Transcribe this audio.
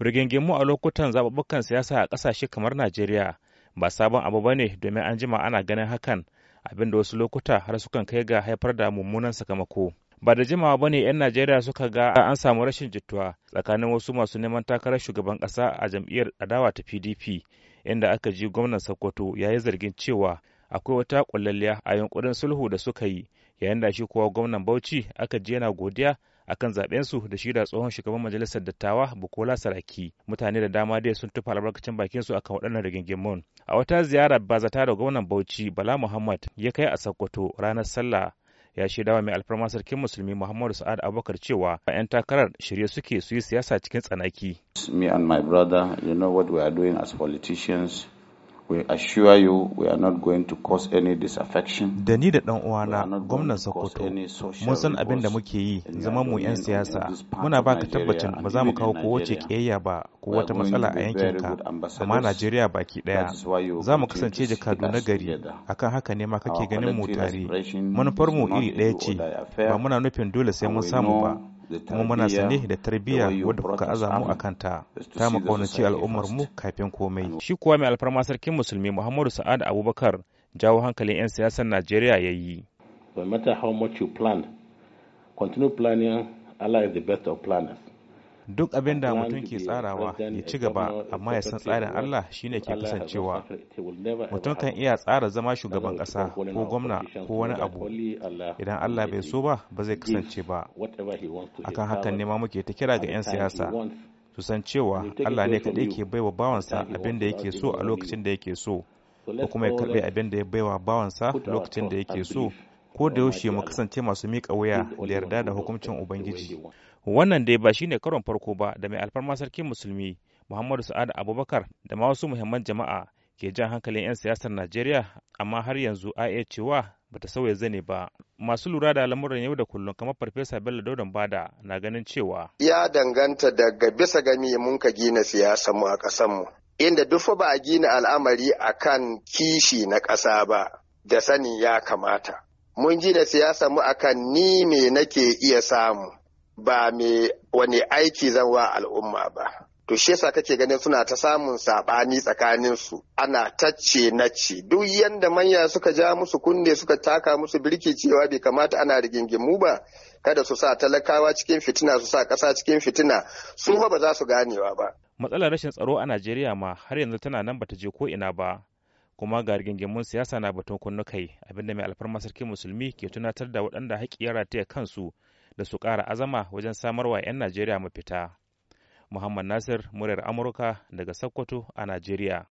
rigingimu a lokutan zababbukan siyasa a ƙasashe kamar najeriya ba sabon abu bane domin an jima ana ganin hakan abin da wasu lokuta har sukan kai ga haifar da mummunan sakamako ba da jimawa ba ne 'yan najeriya suka ga an samu rashin jituwa tsakanin wasu masu neman takarar shugaban ƙasa a jam'iyyar adawa ta pdp inda aka ji gwamnan sokoto ya yi zargin cewa akwai wata ƙullalliya a yunkurin sulhu da suka yi yayin da shi kuwa gwamnan bauchi aka ji yana godiya akan su da shida tsohon shugaban majalisar dattawa Bukola Saraki. Mutane da dama dai sun tufa albarkacin bakin su akan waɗannan rigingimun. A wata ziyara bazata da gwamnan Bauchi Bala Muhammad ya kai a Sokoto ranar sallah ya shaidawa mai alfarma sarkin musulmi Muhammadu Sa'ad Abubakar cewa 'yan takarar shirye suke su yi siyasa cikin tsanaki. Me and my brother, you know what we are doing as politicians. we assure you we are not going to cause any disaffection da ni da dan uwana gwamnan Sokoto mun san abin da muke yi zaman mu yan siyasa muna baka tabbacin ba za mu kawo kowace kiyayya ba ko wata matsala a yankin ka amma Najeriya baki ɗaya za mu kasance jakadu na gari akan haka ne ma kake ganin mu tare manufar mu iri ɗaya ce ba muna nufin dole sai mun samu ba kuma muna sane da tarbiyya wadda kuka aza mu a kanta ta makaunaci al'ummar mu kafin komai shi kuwa mai alfarma sarkin musulmi Muhammadu Sa'ad Abubakar jawo hankalin 'yan siyasar Najeriya ya yi. No matter how much you plan, continue planning, Allah is the best of planners. duk abin da mutum ke tsarawa ya ci gaba amma ya san tsarin Allah shine ke kasancewa mutum kan iya tsara zama shugaban ƙasa ko gwamna ko wani abu idan Allah bai so ba ba zai kasance ba akan hakan ne ma muke ta kira ga 'yan siyasa su san cewa Allah ne kaɗai ke baiwa bawansa abin da yake so a lokacin da yake so ko kuma ya karɓe abin da ya baiwa bawansa lokacin da yake so ko da yaushe mu kasance masu miƙa wuya da yarda da hukuncin ubangiji wannan dai ba shine karon farko ba da mai alfarma sarkin musulmi muhammadu sa'ad abubakar da ma wasu muhimman jama'a ke jan hankalin 'yan siyasar najeriya amma har yanzu a iya cewa bata sauya zane ba masu lura da lamuran yau da kullum kamar farfesa bello daudan bada na ganin cewa ya danganta daga bisa gami mun ka gina siyasar mu a ƙasar mu inda duk ba a gina al'amari akan kishi na ƙasa ba da sani ya kamata mun ji da siyasa mu akan ni me nake iya samu ba me wani aiki zan wa al'umma ba to shi yasa kake ganin suna ta samun sabani tsakanin su ana tacce nace duk yanda manya suka ja musu kunne suka taka musu birki cewa bai kamata ana rigingimu ba kada su sa talakawa cikin fitina su sa ƙasa cikin fitina su ba za su ganewa ba matsalar rashin tsaro a Najeriya ma har yanzu tana nan bata je ko ina ba kuma ga rigingimun siyasa na batun kunnu kai abinda mai alfarma sarki musulmi ke tunatar da waɗanda haƙƙi ya rataya kansu da su ƙara azama wajen samarwa 'yan najeriya mafita muhammad nasir muryar amurka daga sokoto a najeriya